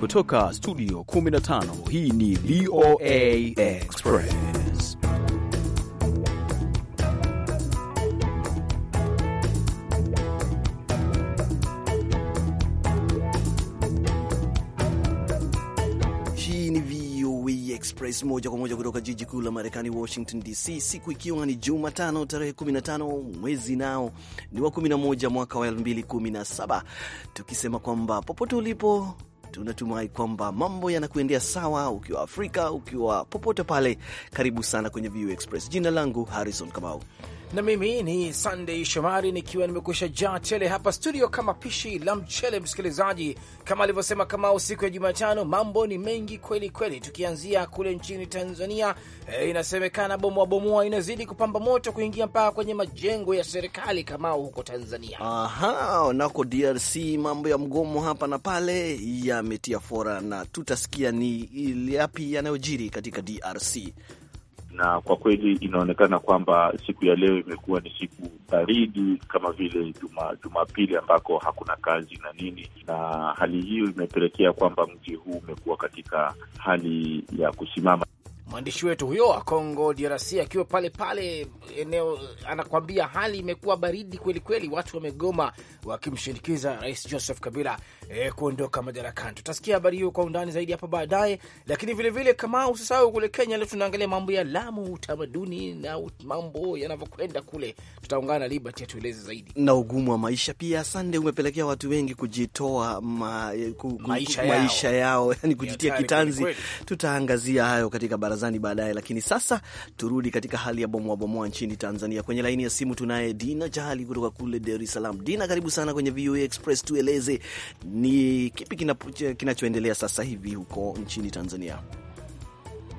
Kutoka studio 15 hii ni VOA Express. Hii ni VOA Express moja kwa moja kutoka jiji kuu la Marekani, Washington DC, siku ikiwa ni Jumatano tarehe 15 mwezi nao ni wa 11 mwaka wa 2017, tukisema kwamba popote ulipo Tunatumai kwamba mambo yanakuendea sawa, ukiwa Afrika, ukiwa popote pale. Karibu sana kwenye VU Express. Jina langu Harrison Kamau na mimi ni Sunday Shomari nikiwa nimekusha jaa tele hapa studio kama pishi la mchele. Msikilizaji, kama alivyosema kama siku ya Jumatano, mambo ni mengi kweli kweli, tukianzia kule nchini Tanzania. E, inasemekana bomoa bomoa inazidi kupamba moto kuingia mpaka kwenye majengo ya serikali, kama huko Tanzania. Aha, nako DRC mambo ya mgomo hapa na pale yametia fora, na tutasikia ni yapi yanayojiri katika DRC na kwa kweli inaonekana kwamba siku ya leo imekuwa ni siku baridi kama vile juma Jumapili ambako hakuna kazi na nini, na hali hiyo imepelekea kwamba mji huu umekuwa katika hali ya kusimama mwandishi wetu huyo wa Congo DRC akiwa pale pale eneo, anakwambia hali imekuwa baridi kweli kweli, watu wamegoma wakimshinikiza Rais Joseph Kabila eh, kuondoka madarakani. Tutasikia habari hiyo kwa undani zaidi hapo baadaye, lakini vilevile kama usisahau kule Kenya leo tunaangalia mambo ya Lamu, utamaduni na mambo yanavyokwenda kule. Tutaungana na Liberty atueleze zaidi, na ugumu wa maisha pia. Sande, umepelekea watu wengi kujitoa ma, eh, ku, ku, maisha, maisha yao, yao yani kujitia ya kitanzi. Tutaangazia hayo katika bara barazani baadaye, lakini sasa turudi katika hali ya bomoa bomoa nchini Tanzania. Kwenye laini ya simu tunaye Dina Chahali kutoka kule Dar es Salaam. Dina, karibu sana kwenye VOA Express. Tueleze ni kipi kinachoendelea kina sasa hivi huko nchini Tanzania?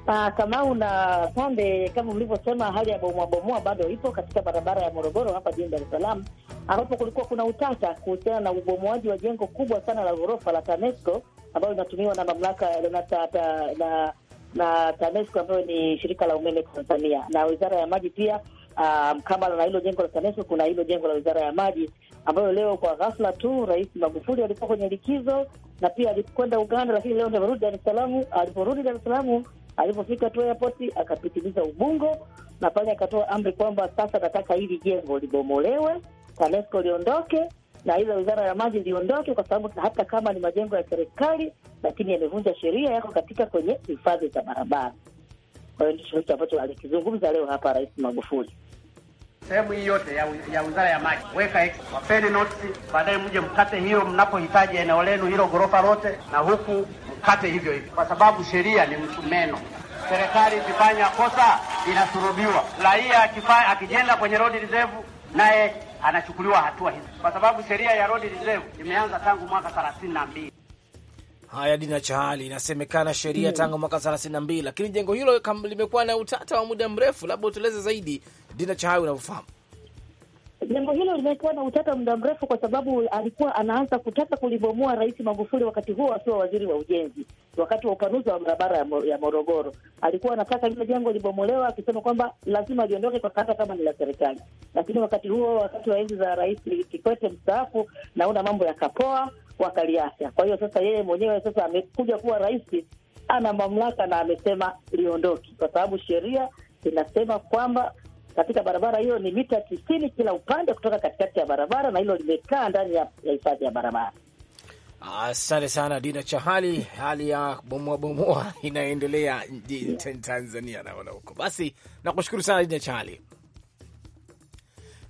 Ah, Kamau na Pande, kama mlivyosema, hali ya bomoa bomoa bado ipo katika barabara ya Morogoro hapa jijini Dar es Salaam, ambapo kulikuwa kuna utata kuhusiana na ubomoaji wa jengo kubwa sana la ghorofa la TANESCO ambayo inatumiwa na mamlaka na, na, na, na na TANESCO ambayo ni shirika la umeme Tanzania na wizara ya maji pia. Um, ah, kama na hilo jengo la TANESCO kuna hilo jengo la wizara ya maji ambayo leo kwa ghafla tu Rais Magufuli alikuwa kwenye likizo na pia alikwenda Uganda, lakini leo ndio amerudi Dar es Salaam. Aliporudi Dar es Salaam, alipofika tu airport akapitiliza ubungo na pale akatoa amri kwamba sasa nataka hili jengo libomolewe, TANESCO liondoke na ile wizara ya maji liondoke, kwa sababu hata kama ni majengo ya serikali lakini yamevunja sheria, yako katika kwenye hifadhi za barabara. Kwa hiyo ndicho hicho ambacho alikizungumza leo hapa Rais Magufuli. Sehemu hii yote ya wizara ya maji, weka wapeni notisi, baadaye mje mkate hiyo mnapohitaji eneo lenu hilo ghorofa lote, na huku mkate hivyo hivyo, kwa sababu sheria ni msumeno. Serikali ikifanya kosa inasurubiwa, raia akijenda kwenye road reserve naye anachukuliwa hatua hizo, kwa sababu sheria ya road reserve imeanza tangu mwaka thelathini na mbili. Haya, Dina Chahali, inasemekana sheria tangu hmm. mwaka thelathini na mbili, lakini jengo hilo limekuwa na utata wa muda mrefu. Labda utueleze zaidi, Dina Chahali, unavyofahamu. Jambo hilo limekuwa na utata muda mrefu, kwa sababu alikuwa anaanza kutaka kulibomoa Rais Magufuli wakati huo akiwa waziri wa ujenzi, wakati wa upanuzi wa barabara ya Morogoro. Alikuwa anataka lile jengo libomolewa, akisema kwamba lazima liondoke kwa kata kama ni la serikali. Lakini wakati huo, wakati wa enzi za Rais Kikwete mstaafu, naona mambo yakapoa, wakaliacha. Kwa hiyo sasa yeye mwenyewe sasa amekuja kuwa rais, ana mamlaka na amesema liondoki kwa sababu sheria inasema kwamba katika barabara hiyo ni mita tisini kila upande kutoka katikati ya barabara, na hilo limekaa ndani ya hifadhi ya barabara. Asante sana Dina Chahali. Hali ya bomoa bomoa inaendelea yeah, Tanzania naona huko. Basi nakushukuru sana Dina Chahali.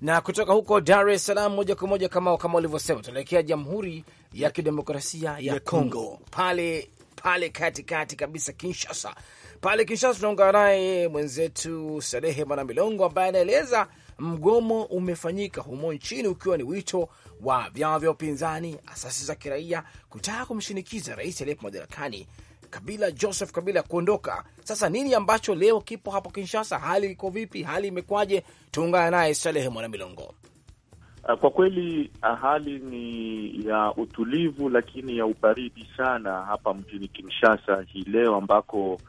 Na kutoka huko Dar es Salaam moja kwa moja, kama kama ulivyosema, tunaelekea Jamhuri ya Kidemokrasia ya Kongo, pale pale katikati kabisa Kinshasa, pale Kinshasa tunaungana naye mwenzetu Salehe Mwana Milongo ambaye anaeleza mgomo umefanyika humo nchini ukiwa ni wito wa vyama vya upinzani, asasi za kiraia kutaka kumshinikiza rais aliyepo madarakani Kabila, Joseph Kabila kuondoka. Sasa nini ambacho leo kipo hapo Kinshasa? Hali iko vipi? Hali imekwaje? Tuungana naye Salehe Mwana Milongo. Ah, kwa kweli ah, hali ni ya utulivu, lakini ya ubaridi sana hapa mjini Kinshasa hii leo ambako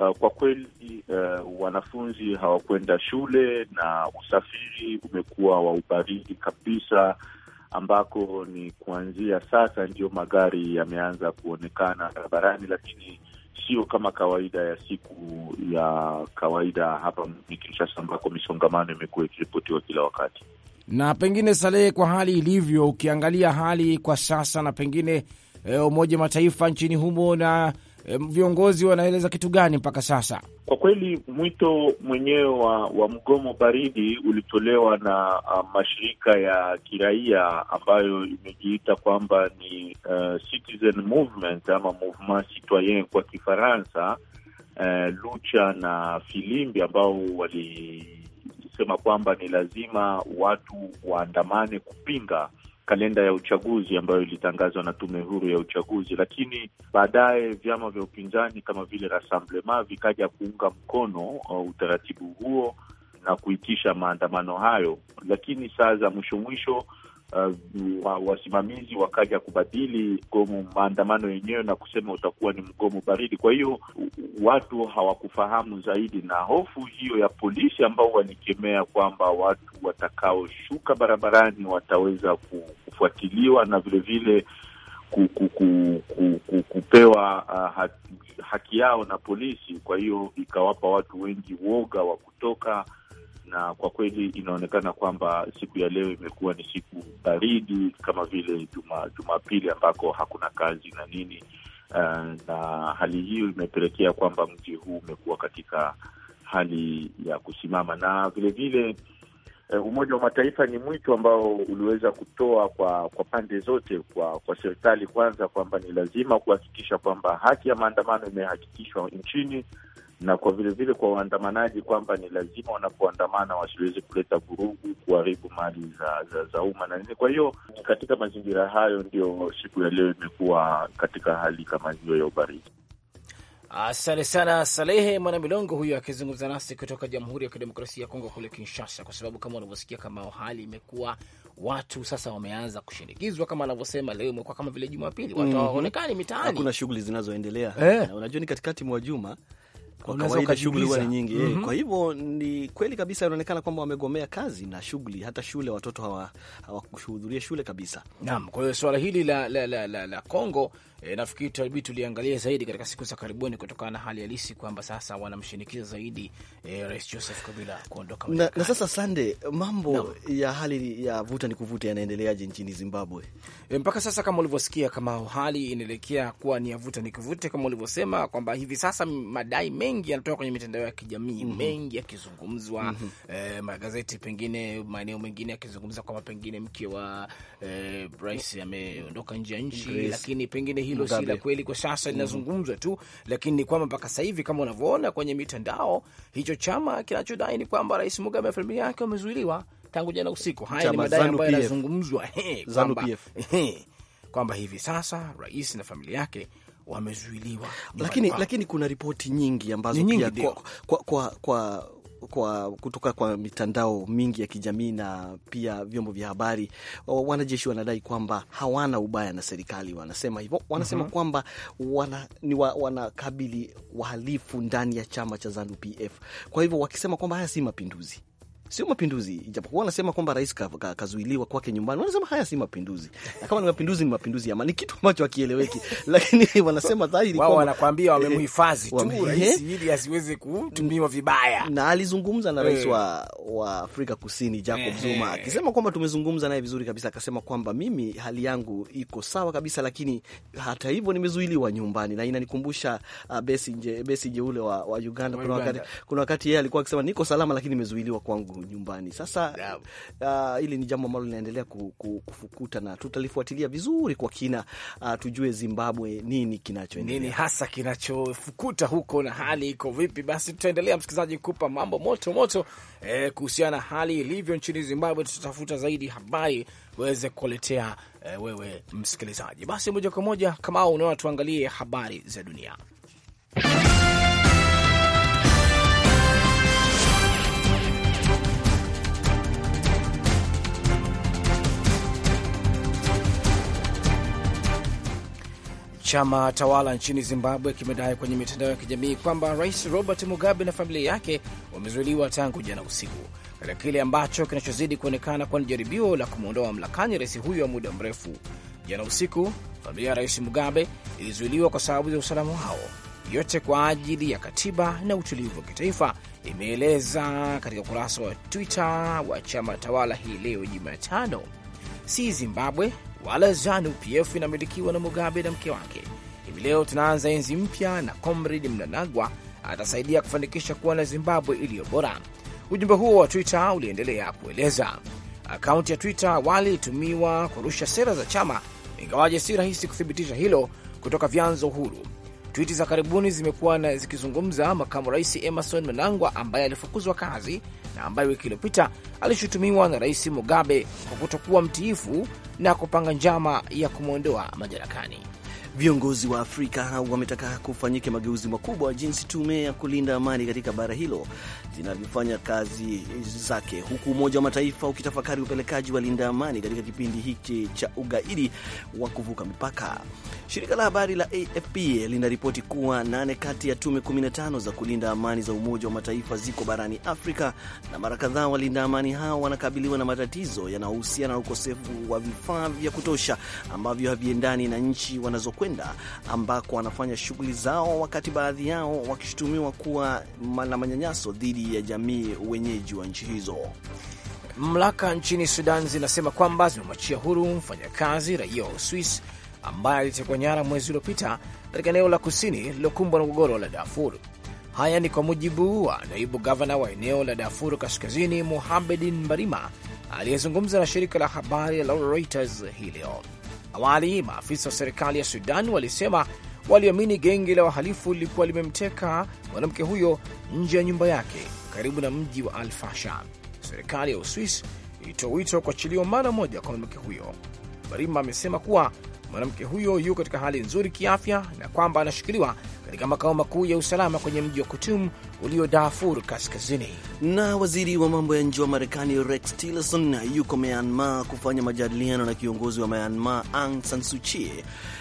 Uh, kwa kweli uh, wanafunzi hawakwenda shule na usafiri umekuwa wa ubaridi kabisa, ambako ni kuanzia sasa ndiyo magari yameanza kuonekana barabarani, lakini sio kama kawaida ya siku ya kawaida hapa mjini Kinshasa, ambako misongamano imekuwa ikiripotiwa kila wakati. Na pengine Salehe, kwa hali ilivyo, ukiangalia hali kwa sasa na pengine eh, Umoja wa Mataifa nchini humo na Eh, viongozi wanaeleza kitu gani mpaka sasa? Kwa kweli mwito mwenyewe wa, wa mgomo baridi ulitolewa na uh, mashirika ya kiraia ambayo imejiita kwamba ni uh, citizen movement ama mouvement citoyen kwa Kifaransa, uh, Lucha na Filimbi ambao walisema kwamba ni lazima watu waandamane kupinga kalenda ya uchaguzi ambayo ilitangazwa na tume huru ya uchaguzi, lakini baadaye vyama vya upinzani kama vile Rassemblement vikaja kuunga mkono uh, utaratibu huo na kuitisha maandamano hayo, lakini saa za mwisho mwisho uh, wasimamizi wa wakaja kubadili mgomo maandamano yenyewe na kusema utakuwa ni mgomo baridi. Kwa hiyo watu hawakufahamu zaidi, na hofu hiyo ya polisi ambao walikemea kwamba watu watakaoshuka barabarani wataweza kufuatiliwa na vilevile kupewa uh, haki, haki yao na polisi. Kwa hiyo ikawapa watu wengi woga wa kutoka na kwa kweli inaonekana kwamba siku ya leo imekuwa ni siku baridi kama vile juma Jumapili ambako hakuna kazi na nini uh, na hali hiyo imepelekea kwamba mji huu umekuwa katika hali ya kusimama na vilevile vile, eh, Umoja wa Mataifa ni mwito ambao uliweza kutoa kwa kwa pande zote, kwa kwa serikali kwanza, kwamba ni lazima kuhakikisha kwamba haki ya maandamano imehakikishwa nchini, na kwa vilevile kwa waandamanaji kwamba ni lazima wanapoandamana wasiweze kuleta vurugu, kuharibu mali za za, za umma na nini. Kwa hiyo katika mazingira hayo ndio siku ya leo imekuwa katika hali kama hiyo ya ubaridi. Asante sana Salehe Mwanamilongo, huyo akizungumza nasi kutoka Jamhuri ya Kidemokrasia ya Kongo kule Kinshasa, kwa sababu kama unavyosikia, kama hali imekuwa watu sasa wameanza kushinikizwa, kama anavyosema leo imekuwa kama vile Jumapili, watu mhm. hawaonekani mm -hmm. mitaani, hakuna shughuli zinazoendelea eh. Unajua, ni katikati mwa juma kwa kawaida shughuli huwa ni nyingi mm -hmm. Kwa hivyo ni kweli kabisa, inaonekana kwamba wamegomea kazi na shughuli, hata shule watoto hawakuhudhuria hawa shule kabisa. Naam, kwa hiyo swala hili la, la, la, la, la Kongo E, nafikiri tutabidi tuliangalia zaidi katika siku za karibuni kutokana na hali halisi kwamba sasa wanamshinikiza zaidi e, Rais Joseph Kabila kuondoka na, na sasa sande mambo no. ya hali ya vuta ni kuvuta yanaendeleaje nchini Zimbabwe? E, mpaka sasa kama ulivyosikia, kama hali inaelekea kuwa ni ya vuta ni kuvute kama ulivyosema kwamba hivi sasa madai mengi yanatoka kwenye mitandao ya kijamii mm -hmm. mengi yakizungumzwa mm -hmm. e, magazeti pengine maeneo mengine yakizungumza kwamba pengine mke wa e, rais ameondoka nje ya nchi, lakini pengine hilo si la kweli kwa sasa, mm-hmm. linazungumzwa tu, lakini ni kwamba mpaka sasa hivi kama unavyoona kwenye mitandao, hicho chama kinachodai ni kwamba Rais Mugabe na familia yake wamezuiliwa tangu jana usiku. Haya ni madai ambayo yanazungumzwa kwamba kwamba hivi sasa rais na familia yake wamezuiliwa, lakini, lakini kuna ripoti nyingi ambazo nyingi pia kwa, kwa, kwa, kwa kwa kutoka kwa mitandao mingi ya kijamii na pia vyombo vya habari, wanajeshi wanadai kwamba hawana ubaya na serikali. Wanasema hivyo, wanasema mm -hmm. kwamba wana, ni wa, wanakabili wahalifu ndani ya chama cha Zanu PF. Kwa hivyo wakisema kwamba haya si mapinduzi sio mapinduzi, ijapokuwa wanasema kwamba rais kazuiliwa ka, ka kwake nyumbani. Wanasema haya si mapinduzi, na kama ni mapinduzi ni mapinduzi ama ni kitu ambacho hakieleweki, lakini wanasema dhahiri kwamba wanakwambia wamemhifadhi tu rais eh? ili asiweze kutumiwa vibaya. Na alizungumza na rais eh. wa, wa Afrika Kusini Jacob eh. Zuma akisema kwamba tumezungumza naye vizuri kabisa, akasema kwamba mimi hali yangu iko sawa kabisa, lakini hata hivyo nimezuiliwa nyumbani, na inanikumbusha uh, Besigye, Besigye ule wa, wa Uganda. Kuna wakati yeye alikuwa akisema niko salama, lakini nimezuiliwa kwangu nyumbani. Sasa uh, ni jambo ambalo linaendelea kufukuta na tutalifuatilia vizuri kwa kina uh, tujue Zimbabwe nini kinachoendelea, nini hasa kinachofukuta huko na hali iko vipi. Basi tutaendelea msikilizaji kupa mambo moto moto eh, kuhusiana na hali ilivyo nchini Zimbabwe. Tutatafuta zaidi habari weze kuletea eh, wewe msikilizaji. Basi moja kwa moja, kama unaona, tuangalie habari za dunia. Chama tawala nchini Zimbabwe kimedai kwenye mitandao ya kijamii kwamba Rais Robert Mugabe na familia yake wamezuiliwa tangu jana usiku katika kile ambacho kinachozidi kuonekana kuwa ni jaribio la kumwondoa mamlakani rais huyo wa muda mrefu. Jana usiku familia ya Rais Mugabe ilizuiliwa kwa sababu za usalama wao, yote kwa ajili ya katiba na utulivu wa kitaifa, imeeleza katika ukurasa wa Twitter wa chama tawala hii leo Jumatano. Si Zimbabwe wala ZANU PF inamilikiwa na Mugabe na mke wake. Hivi leo tunaanza enzi mpya na Comrade Mnanagwa atasaidia kufanikisha kuwa na Zimbabwe iliyo bora. Ujumbe huo wa Twitter uliendelea kueleza. Akaunti ya Twitter awali ilitumiwa kurusha sera za chama, ingawaje si rahisi kuthibitisha hilo kutoka vyanzo huru. Twiti za karibuni zimekuwa na zikizungumza makamu rais Emerson Mnangagwa ambaye alifukuzwa kazi na ambaye wiki iliyopita alishutumiwa na rais Mugabe kwa kutokuwa mtiifu na kupanga njama ya kumwondoa madarakani. Viongozi wa Afrika wametaka kufanyike mageuzi makubwa jinsi tume ya kulinda amani katika bara hilo zinavyofanya kazi zake, huku Umoja wa Mataifa ukitafakari upelekaji wa linda amani katika kipindi hiki cha ugaidi wa kuvuka mipaka. Shirika la habari la AFP linaripoti kuwa nane kati ya tume 15 za kulinda amani za Umoja wa Mataifa ziko barani Afrika, na mara kadhaa walinda amani hao wanakabiliwa na matatizo yanayohusiana na ukosefu wa vifaa vya kutosha ambavyo haviendani na nchi wanazokwenda kwenda ambako wanafanya shughuli zao, wakati baadhi yao wakishutumiwa kuwa na manyanyaso dhidi ya jamii wenyeji wa nchi hizo. Mamlaka nchini Sudan zinasema kwamba zimemwachia huru mfanyakazi raia wa Uswis ambaye alitekwa nyara mwezi uliopita katika eneo la kusini lililokumbwa na mgogoro la Darfur. Haya ni kwa mujibu wa naibu gavana wa eneo la Darfur Kaskazini, Muhamedin Barima, aliyezungumza na shirika la habari la Reuters hii leo. Awali maafisa wa serikali ya Sudan walisema waliamini genge la wahalifu lilikuwa limemteka mwanamke huyo nje ya nyumba yake karibu na mji wa Alfasha. Serikali ya Uswis ilitoa wito kuachiliwa mara moja kwa mwanamke huyo. Barima amesema kuwa mwanamke huyo yuko katika hali nzuri kiafya na kwamba anashikiliwa katika makao makuu ya usalama kwenye mji wa Kutum ulio Darfur Kaskazini. Na waziri wa mambo ya nje wa Marekani Rex Tillerson yuko Myanmar kufanya majadiliano na kiongozi wa Myanmar Aung San Suu Kyi,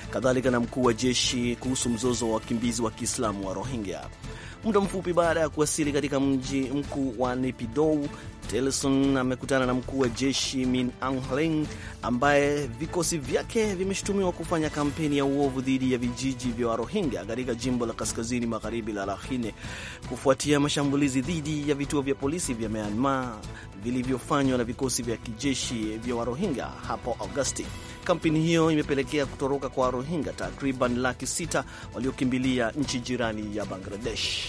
kadhalika na mkuu wa jeshi kuhusu mzozo wa wakimbizi wa Kiislamu wa Rohingya. Muda mfupi baada ya kuwasili katika mji mkuu wa Naypyidaw, Tillerson amekutana na mkuu wa jeshi Min Aung Hlaing ambaye vikosi vyake vimeshutumiwa kufanya kampeni ya uovu dhidi ya vijiji vya Warohingya katika jimbo la kaskazini magharibi la Rakhine kufuatia mashambulizi dhidi ya vituo vya polisi vya Myanmar vilivyofanywa na vikosi vya kijeshi vya warohinga hapo Agosti. Kampeni hiyo imepelekea kutoroka kwa Warohinga takriban laki sita waliokimbilia nchi jirani ya Bangladesh.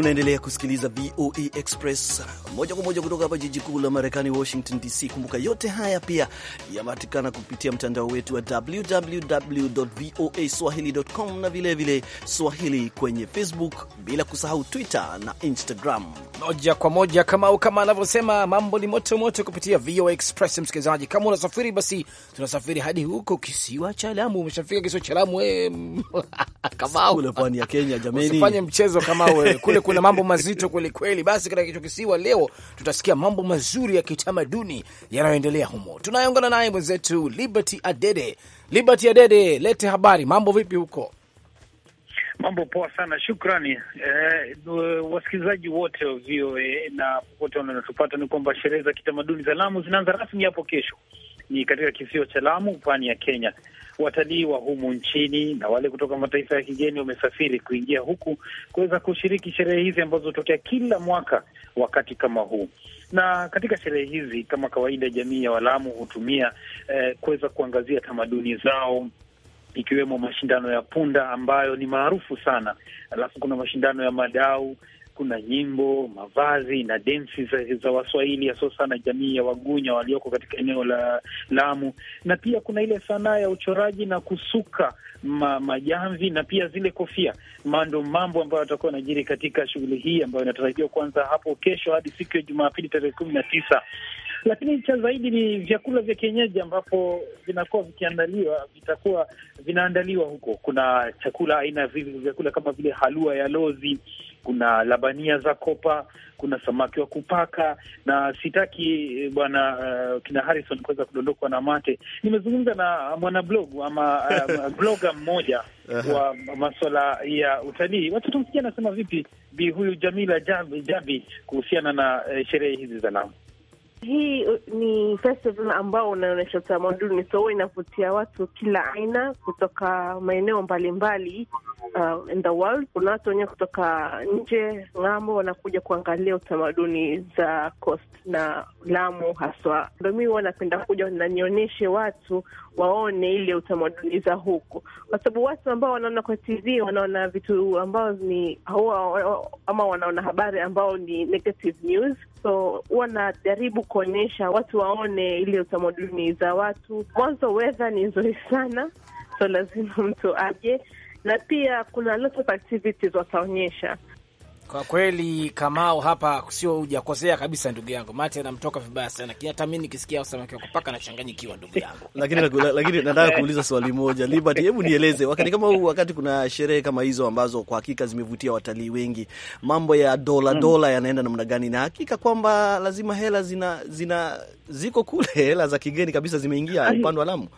Unaendelea kusikiliza VOA e Express uh, moja kwa moja kutoka hapa jiji kuu la Marekani, Washington DC. Kumbuka yote haya pia yamatikana kupitia mtandao wetu wa www voa swahili.com na vilevile vile swahili kwenye Facebook, bila kusahau Twitter na Instagram. Moja kwa moja Kamau, kama anavyosema, mambo ni moto moto kupitia VOA Express. Msikilizaji, kama unasafiri basi, tunasafiri hadi huko kisiwa cha Lamu. Umeshafika kisiwa cha Lamu? Wewe pwani ya Kenya, jameni, usifanye mchezo kama wewe kule kuna mambo mazito kweli kweli. Basi katika kicho kisiwa leo tutasikia mambo mazuri ya kitamaduni yanayoendelea humo. Tunayeungana naye mwenzetu Liberty Adede. Liberty Adede, lete habari, mambo vipi huko? Mambo poa sana, shukrani. Eh, wasikilizaji wote wa VOA na popote wanatupata, ni kwamba sherehe za kitamaduni za Lamu zinaanza rasmi hapo kesho ni katika kisio cha Lamu, pwani ya Kenya. Watalii wa humu nchini na wale kutoka mataifa ya kigeni wamesafiri kuingia huku kuweza kushiriki sherehe hizi ambazo hutokea kila mwaka wakati kama huu. Na katika sherehe hizi, kama kawaida, jamii ya Walamu hutumia eh, kuweza kuangazia tamaduni zao ikiwemo mashindano ya punda ambayo ni maarufu sana, alafu kuna mashindano ya madau kuna nyimbo, mavazi na densi za, za Waswahili hasa sana jamii ya Wagunya walioko katika eneo la Lamu, na pia kuna ile sanaa ya uchoraji na kusuka ma, majamvi na pia zile kofia mando, mambo ambayo atakuwa anajiri katika shughuli hii ambayo inatarajiwa kuanza hapo kesho hadi siku ya Jumapili tarehe kumi na tisa lakini cha zaidi ni vyakula vya kienyeji ambapo vinakuwa vikiandaliwa, vitakuwa vinaandaliwa huko. Kuna chakula aina ya vyakula kama vile halua ya lozi, kuna labania za kopa, kuna samaki wa kupaka, na sitaki eh, bwana uh, kina Harrison kuweza kudondokwa na mate. Nimezungumza na mwanablogu ama uh, bloga mmoja wa maswala ya utalii. Watoto msikia anasema vipi bi huyu Jamila Jabi, Jabi kuhusiana na uh, sherehe hizi za Lamu. Hii uh, ni festival ambao unaonyesha utamaduni, so huwa inavutia watu kila aina kutoka maeneo mbalimbali uh, in the world. Kuna watu wenyewe kutoka nje ng'ambo wanakuja kuangalia utamaduni za Coast na Lamu haswa. Ndo mi huwa napenda kuja na nionyeshe watu waone ile utamaduni za huku, kwa sababu watu ambao wanaona kwa TV wanaona vitu ambao ni huwa, ama wanaona habari ambao ni negative news so huwa najaribu kuonyesha watu waone ile utamaduni za watu. Mwanzo wedha ni nzuri sana, so lazima mtu aje, na pia kuna of activities wataonyesha kwa kweli Kamau, hapa sio hujakosea kabisa, ndugu yangu. Mate anamtoka vibaya sana, hata mimi nikisikia samaki wa kupaka nachanganyikiwa, ndugu yangu. Lakini lakini nataka kuuliza swali moja, Liberty, hebu nieleze, wakati kama huu, wakati kuna sherehe kama hizo ambazo kwa hakika zimevutia watalii wengi, mambo ya dola mm, yanaenda namna gani? Na hakika kwamba lazima hela zina, zina ziko kule, hela za kigeni kabisa zimeingia upande wa Lamu.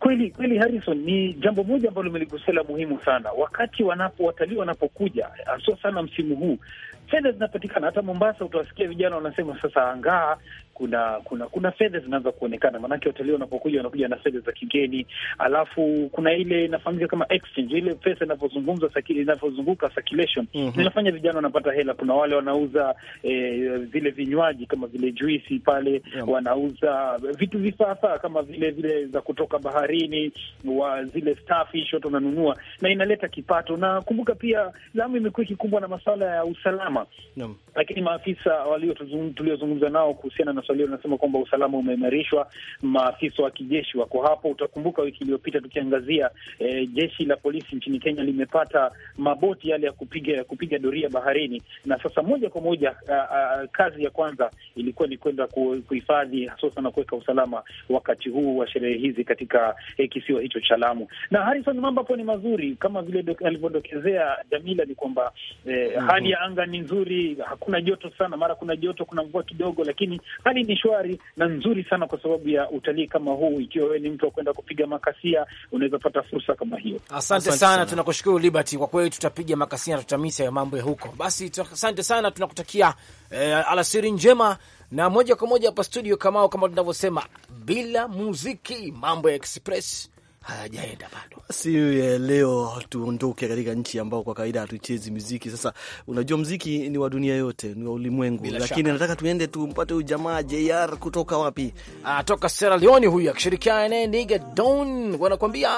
Kweli kweli, Harrison, ni jambo moja ambalo limeligusia la muhimu sana. Wakati wanapo watalii wanapokuja, haswa sana msimu huu, fedha zinapatikana. Hata Mombasa utawasikia vijana wanasema sasa, angaa kuna kuna kuna fedha zinaanza kuonekana, maanake watalii wanapokuja wanakuja na fedha za kigeni, alafu kuna ile inafahamika kama exchange, ile pesa inavyozungumza inavyozunguka circulation mm -hmm. inafanya vijana wanapata hela. Kuna wale wanauza eh, vile vinywaji kama vile juisi pale yeah. wanauza vitu vifaafaa kama vile vile za kutoka baharini wa zile starfish watu wananunua, na inaleta kipato, na kumbuka pia Lamu imekuwa ikikumbwa na masuala ya usalama yeah. lakini maafisa waliotuliozungumza nao kuhusiana na swali hilo kwamba usalama umeimarishwa, maafisa wa kijeshi wako hapo. Utakumbuka wiki iliyopita tukiangazia e, jeshi la polisi nchini Kenya limepata maboti yale ya kupiga ya kupiga doria baharini, na sasa moja kwa moja a, a, kazi ya kwanza ilikuwa ni kwenda kuhifadhi hasa na kuweka usalama wakati huu wa sherehe hizi katika e, kisiwa hicho cha Lamu. Na Harison, mambo hapo ni mazuri kama vile alivyodokezea Jamila, ni kwamba e, hali ya anga ni nzuri, hakuna joto sana, mara kuna joto, kuna mvua kidogo, lakini hali hali ni shwari na nzuri sana kwa sababu ya utalii kama huu. Ikiwa wewe ni mtu wa kwenda kupiga makasia, unaweza pata fursa kama hiyo. Asante sana, sana. Tunakushukuru Liberty, kwa kweli tutapiga makasia na tutamisa ya mambo ya huko. Basi asante sana, tunakutakia eh, alasiri njema na moja kwa moja hapa studio kamao, kama tunavyosema bila muziki, mambo ya express hayajaenda bado. Eh, leo tuondoke katika nchi ambao kwa kawaida hatuchezi muziki. Sasa unajua muziki ni wa dunia yote, ni wa ulimwengu, lakini nataka tuende tumpate huyu jamaa JR kutoka wapi? Ah, toka Sierra Leone huyu, akishirikiana naye Nigga Don wanakuambia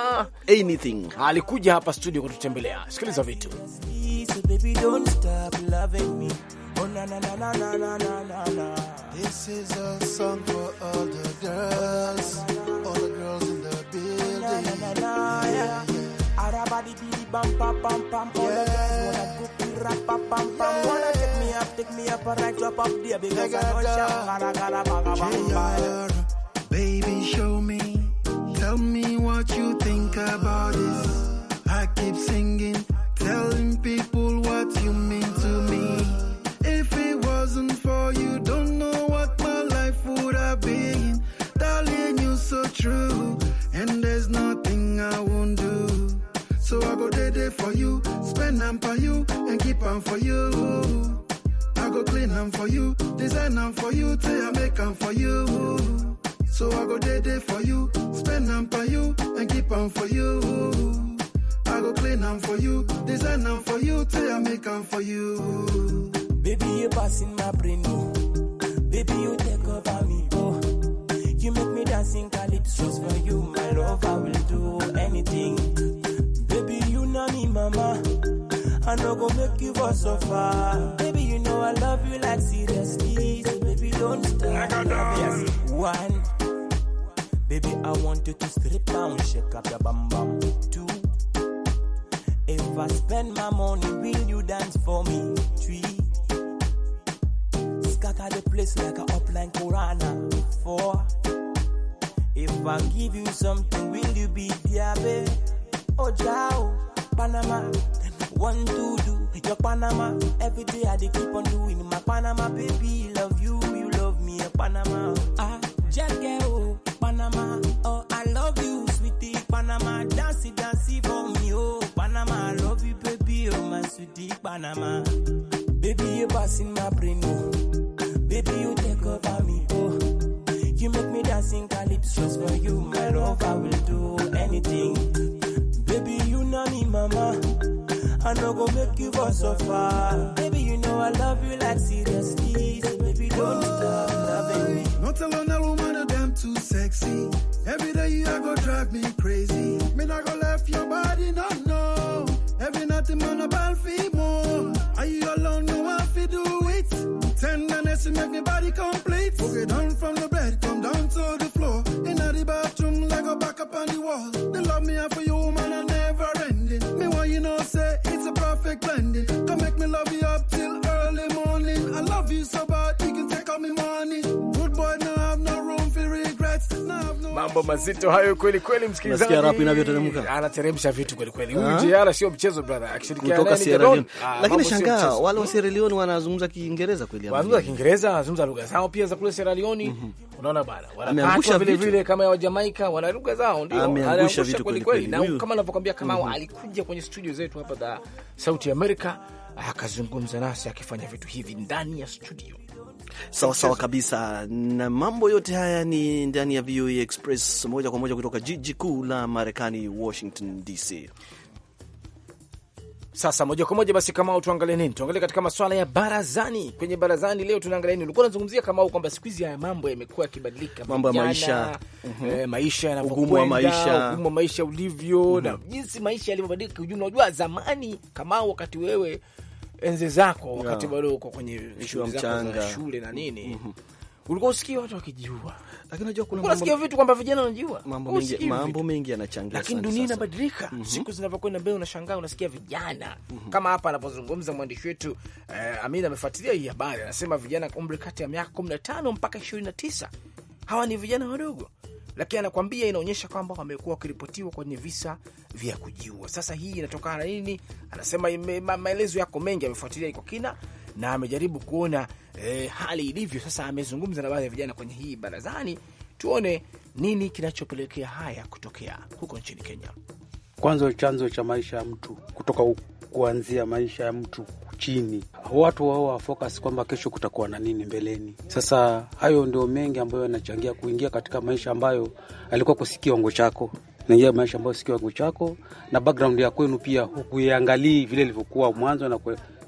anything. Alikuja hapa studio kututembelea. Sikiliza vitu Baby, show me, tell me what you think about this. I keep singing. am for you. I go clean them for you, design them for you, till I make them for you. So I go day day for you, spend them for you, and keep them for you. I go clean them for you, design them for you, till I make them for you. Baby, you passing my brain, oh. Baby, you take over me, oh. You make me dancing calypsos for you, my love. I will do anything I no go make you go so far. Baby, you know I love you like seriously. So baby, don't stop. Yes, one. Baby, I want you to strip down, shake up your bum bum. Two. If I spend my money, will you dance for me? Three. Scatter the place like a upline Korana. Four. If I give you something, will you be there, babe? Oh, Jao, Panama. One, two, do your Panama. Every day I keep on doing my Panama, baby. Love you, you love me, Panama. Ah, Jack, oh, Panama. Oh, I love you, sweetie, Panama. Dancey, dancey for me, oh, Panama. I love you, baby, oh, my sweetie, Panama. Baby, you pass in my brain, oh. Baby, you take over me, oh. You make me dance in calypso's for you, my love. I will do anything. Baby, you know me, mama. I no go make you so suffer. Baby, you know I love you like seriously. So baby, don't stop, me. baby. Not alone, I woman, I'm too sexy. Every day you I go drive me crazy. Mambo mazito hayo kweli kweli, msikilizaji, anateremsha vitu kweli kweli. Huyu ah. JR sio mchezo brother, akishirikiana na Sierra. Ah, Lakini shangaa wale wa Sierra Leone wanazungumza Kiingereza kweli, wanazungumza Kiingereza, wanazungumza lugha zao pia za kule Sierra Leone. Mhm. Unaona bana, wanaangusha vile vile kama ya Jamaica, wana lugha zao, ndio anaangusha vitu kweli kweli. Na kama ninavyokuambia, kama mhm. alikuja kwenye studio zetu hapa za Sauti America akazungumza nasi akifanya vitu hivi ndani ya studio. Sawa sawa kabisa, na mambo yote haya ni ndani ya VOA Express, moja kwa moja kutoka jiji kuu la Marekani, Washington DC. Sasa moja kwa moja basi, Kamau, tuangalie nini? Tuangalie katika maswala ya barazani. Kwenye barazani leo tunaangalia nini? Ulikuwa unazungumzia Kamau kwamba siku hizi haya mambo yamekuwa yakibadilika, mambo ya maisha, eh, mhm. maisha na ugumu wa maisha, ugumu wa maisha ulivyo, mm -hmm. na mhm. jinsi maisha yalivyobadilika kiujumla. ujumla. Unajua zamani, Kamau, wakati wewe enzi zako wakati yeah, bado uko kwenye shule zako za shule na nini mm -hmm. Ulikuwa usikie watu wakijua lakini unajua kuna mambo unasikia vitu kwamba vijana wanajua mambo mengi, mambo mengi yanachangia, lakini dunia inabadilika mm -hmm. siku zinavyokwenda mbele, unashangaa unasikia vijana mm -hmm. kama hapa anapozungumza mwandishi wetu eh, Amina amefuatilia hii habari, anasema vijana umri kati ya miaka 15 mpaka 29 hawa ni vijana wadogo lakini anakwambia inaonyesha kwamba wamekuwa wakiripotiwa kwenye visa vya kujiua. Sasa hii inatokana na nini? Anasema maelezo yako mengi, amefuatilia kwa kina na amejaribu kuona e, hali ilivyo. Sasa amezungumza na baadhi ya vijana kwenye hii barazani, tuone nini kinachopelekea haya kutokea huko nchini Kenya. Kwanza chanzo cha maisha ya mtu kutoka kuanzia maisha ya mtu chini, watu wao wafocus kwamba kesho kutakuwa na nini mbeleni. Sasa hayo ndio mengi ambayo yanachangia kuingia katika maisha ambayo alikuwa kusikia kiwango chako naingia maisha ambayo si kiwango chako, na background ya kwenu pia hukuiangalii vile ilivyokuwa mwanzo na,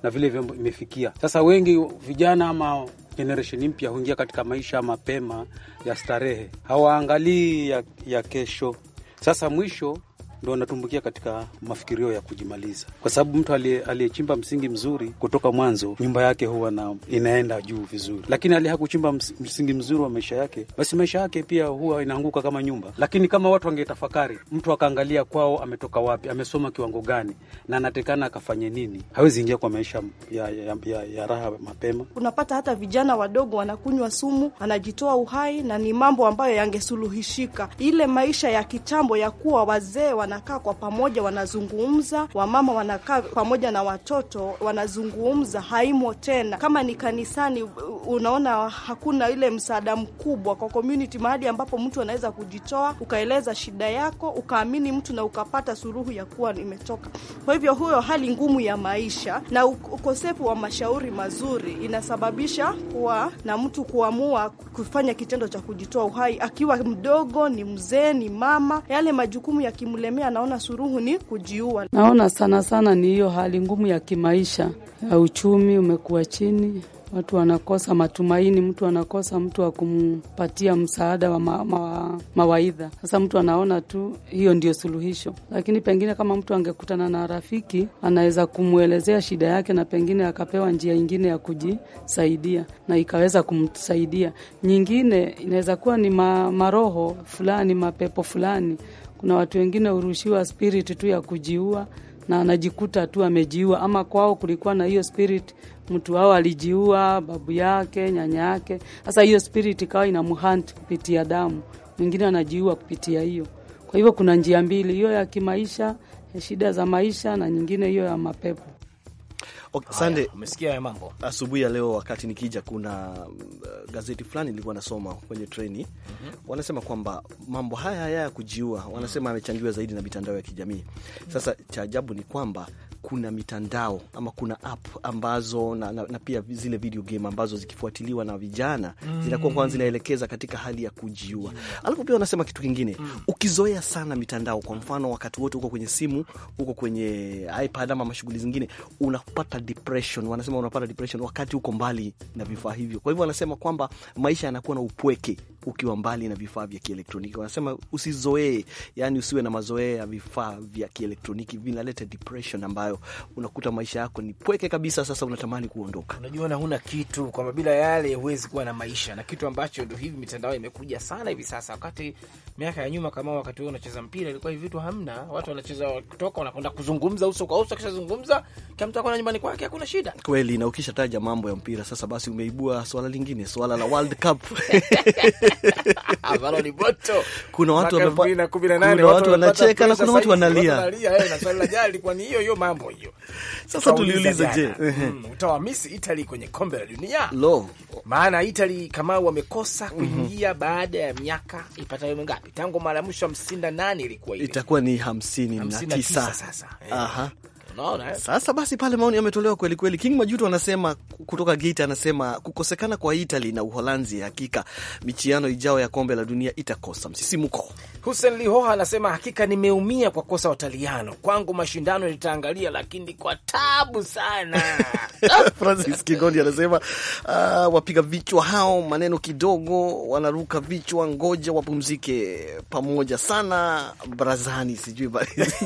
na vile imefikia sasa. Wengi vijana ama generation mpya huingia katika maisha mapema ya starehe, hawaangalii ya, ya kesho. Sasa mwisho ndo anatumbukia katika mafikirio ya kujimaliza, kwa sababu mtu aliyechimba msingi mzuri kutoka mwanzo, nyumba yake huwa na inaenda juu vizuri, lakini ali hakuchimba msingi mzuri wa maisha yake, basi maisha yake pia huwa inaanguka kama nyumba. Lakini kama watu wangetafakari, mtu akaangalia kwao ametoka wapi, amesoma kiwango gani, na anatekana akafanye nini, hawezi ingia kwa maisha ya, ya, ya, ya raha mapema. Unapata hata vijana wadogo wanakunywa sumu, anajitoa uhai, na ni mambo ambayo yangesuluhishika. Ile maisha ya kitambo ya kuwa wazee wana wanakaa kwa pamoja, wanazungumza, wamama wanakaa pamoja na watoto wanazungumza, haimo tena. Kama ni kanisani, unaona hakuna ile msaada mkubwa kwa community, mahali ambapo mtu anaweza kujitoa ukaeleza shida yako ukaamini mtu na ukapata suluhu ya kuwa imetoka. Kwa hivyo huyo hali ngumu ya maisha na ukosefu wa mashauri mazuri inasababisha kuwa na mtu kuamua kufanya kitendo cha kujitoa uhai akiwa mdogo, ni mzee, ni mama, yale majukumu yakimlemea Samia anaona suruhu ni kujiua. Naona sana sana ni hiyo hali ngumu ya kimaisha ya uchumi umekuwa chini, watu wanakosa matumaini, mtu anakosa mtu wa kumpatia msaada wa ma, ma, mawaidha. Sasa mtu anaona tu hiyo ndio suluhisho, lakini pengine kama mtu angekutana na rafiki anaweza kumwelezea shida yake, na pengine akapewa njia ingine ya kujisaidia na ikaweza kumsaidia. Nyingine inaweza kuwa ni ma, maroho fulani, mapepo fulani kuna watu wengine hurushiwa spirit tu ya kujiua na anajikuta tu amejiua, ama kwao kulikuwa na hiyo spirit, mtu wao alijiua, babu yake, nyanya yake. Sasa hiyo spirit ikawa ina mhant kupitia damu, mwingine anajiua kupitia hiyo. Kwa hivyo kuna njia mbili, hiyo ya kimaisha, ya shida za maisha, na nyingine hiyo ya mapepo. Sande, umesikia haya mambo. Asubuhi ya leo wakati nikija, kuna uh, gazeti fulani nilikuwa nasoma kwenye treni mm -hmm. Wanasema kwamba mambo haya haya ya kujiua wanasema amechangiwa zaidi na mitandao ya kijamii. Mhm. Sasa cha ajabu ni kwamba kuna mitandao ama kuna app ambazo na, na, na pia zile video game ambazo zikifuatiliwa na vijana mm. zinakuwa kwanza zinaelekeza katika hali ya kujiua. mm. Alafu pia wanasema kitu kingine mm. ukizoea sana mitandao, kwa mfano wakati wote uko kwenye simu, uko kwenye iPad ama mashughuli zingine, unapata depression. Wanasema unapata depression wakati uko mbali na vifaa hivyo. Kwa hivyo wanasema kwamba maisha yanakuwa na upweke ukiwa mbali na vifaa vya kielektroniki. Wanasema usizoee, yani usiwe na mazoea ya vifaa vya kielektroniki, vinaleta depression ambayo ambayo unakuta maisha yako ni pweke kabisa, sasa unatamani kuondoka. Unajiona huna kitu, kwamba bila yale huwezi kuwa na maisha, na kitu ambacho ndo hivi mitandao imekuja sana hivi sasa. Wakati miaka ya nyuma, kama wakati huo unacheza mpira, ilikuwa hivi vitu hamna, watu wanacheza kutoka, wanakwenda kuzungumza uso kwa uso, kisha kila mtu akona nyumbani kwake, hakuna shida kweli. Na ukishataja mambo ya mpira sasa, basi umeibua swala lingine, swala la World Cup ambalo ni moto. Kuna watu wamepata, kuna watu wanacheka na kuna watu wanalia, eh, na swala la jana ilikuwa ni hiyo hiyo mambo yako hiyo. Sasa tuliuliza je, mm, utawamisi Italy kwenye kombe la dunia lo? Maana Italy kama wamekosa kuingia mm -hmm. baada ya miaka ipatayo mingapi tangu mara ya mwisho hamsini na nane ilikuwa ile, itakuwa ni hamsini na tisa sasa. Aha. Tunaona eh? sasa basi pale maoni yametolewa kweli kweli. King Majuto anasema kutoka Geita, anasema kukosekana kwa Itali na Uholanzi, hakika michiano ijao ya kombe la dunia itakosa msisimuko. Hussein Lihoha anasema hakika nimeumia kwa kosa Wataliano, kwangu mashindano nitaangalia, lakini kwa tabu sana. Francis Kigondi anasema uh, wapiga vichwa hao maneno kidogo wanaruka vichwa, ngoja wapumzike pamoja sana brazani, sijui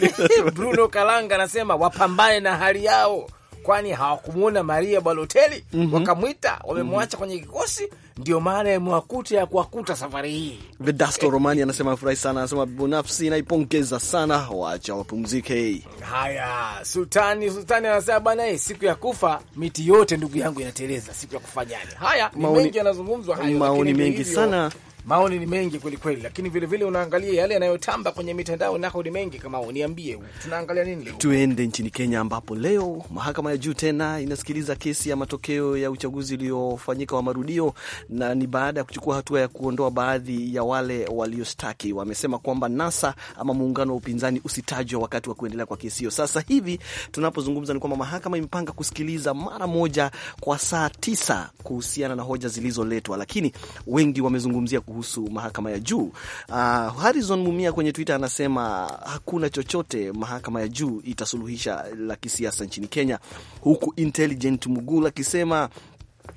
Bruno Kalanga anasema wapambane na hali yao, kwani hawakumwona Maria Balotelli mm -hmm. Wakamwita, mhm. wamemwacha mm -hmm. kwenye kikosi, ndio maana yamewakuta ya kuwakuta safari hii. Vedasto Romani anasema afurahi sana, anasema binafsi naipongeza sana, wacha wapumzike. Haya, Sultani Sultani anasema bana eh, siku ya kufa miti yote ndugu yangu inateleza, siku ya kufanyani Haya, maoni mengi yanazungumzwa hayo, maoni mengi sana maoni ni mengi kweli kweli, lakini vile vile unaangalia yale yanayotamba kwenye mitandao nako ni mengi. Kama uniambie, tunaangalia nini leo? Tuende nchini Kenya ambapo leo mahakama ya juu tena inasikiliza kesi ya matokeo ya uchaguzi uliofanyika wa marudio, na ni baada ya kuchukua hatua ya kuondoa baadhi ya wale waliostaki. Wamesema kwamba NASA ama muungano wa upinzani usitajwe wakati wa kuendelea kwa kesi hiyo. Sasa hivi tunapozungumza ni kwamba mahakama imepanga kusikiliza mara moja kwa saa tisa kuhusiana na hoja zilizoletwa, lakini wengi wamezungumzia kuhu kuhusu mahakama ya juu. Uh, Harrison Mumia kwenye Twitter anasema hakuna chochote mahakama ya juu itasuluhisha la kisiasa nchini Kenya, huku Intelligent Mugula akisema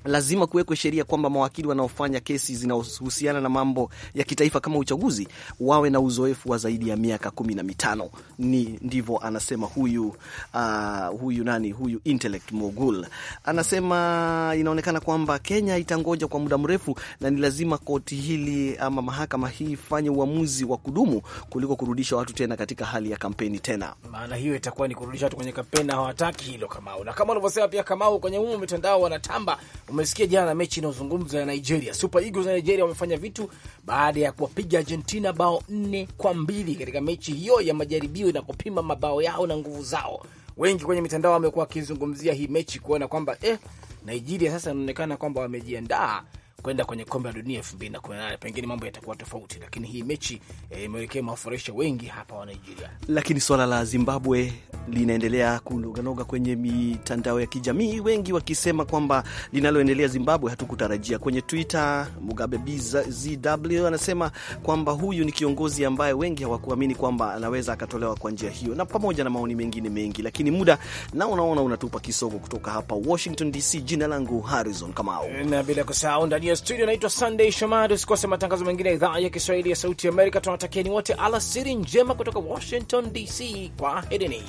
lazima kuwekwe sheria kwamba mawakili wanaofanya kesi zinahusiana na mambo ya kitaifa kama uchaguzi wawe na uzoefu wa zaidi ya miaka kumi na mitano. Ni ndivyo anasema huyu, uh, huyu nani huyu intellect mogul anasema, inaonekana kwamba Kenya itangoja kwa muda mrefu na ni lazima koti hili ama mahakama hii fanye uamuzi wa kudumu kuliko kurudisha watu tena katika hali ya kampeni tena, maana hiyo itakuwa ni kurudisha watu kwenye kampeni na hawataki hilo, Kamau. Na kama ulivyosema pia Kamau, kwenye humo mitandao wanatamba umesikia jana mechi inayozungumzwa ya Nigeria, Super Eagles na Nigeria wamefanya vitu baada ya kuwapiga Argentina bao nne kwa mbili katika mechi hiyo ya majaribio inapopima mabao yao na nguvu zao. Wengi kwenye mitandao wamekuwa wakizungumzia hii mechi kuona kwamba eh, Nigeria sasa inaonekana kwamba wamejiandaa kwenda kwenye kombe la dunia elfu mbili na kumi na nane pengine mambo yatakuwa tofauti, lakini hii mechi e, imewekea eh, mafuresha wengi hapa wa Nigeria. Lakini swala la Zimbabwe linaendelea kunoganoga kwenye mitandao ya kijamii, wengi wakisema kwamba linaloendelea Zimbabwe hatukutarajia. Kwenye Twitter, Mugabe BZW anasema kwamba huyu ni kiongozi ambaye wengi hawakuamini kwamba anaweza akatolewa kwa njia hiyo, na pamoja na maoni mengine mengi, lakini muda na unaona unatupa kisogo. Kutoka hapa Washington DC, jina langu Harrison Kamau na bila kusahau ndani ya studio. Naitwa Sunday Shomari. Usikose matangazo mengine ya idhaa ya Kiswahili ya Sauti ya Amerika. Tunawatakieni wote alasiri njema kutoka Washington DC. kwa Kwaherini.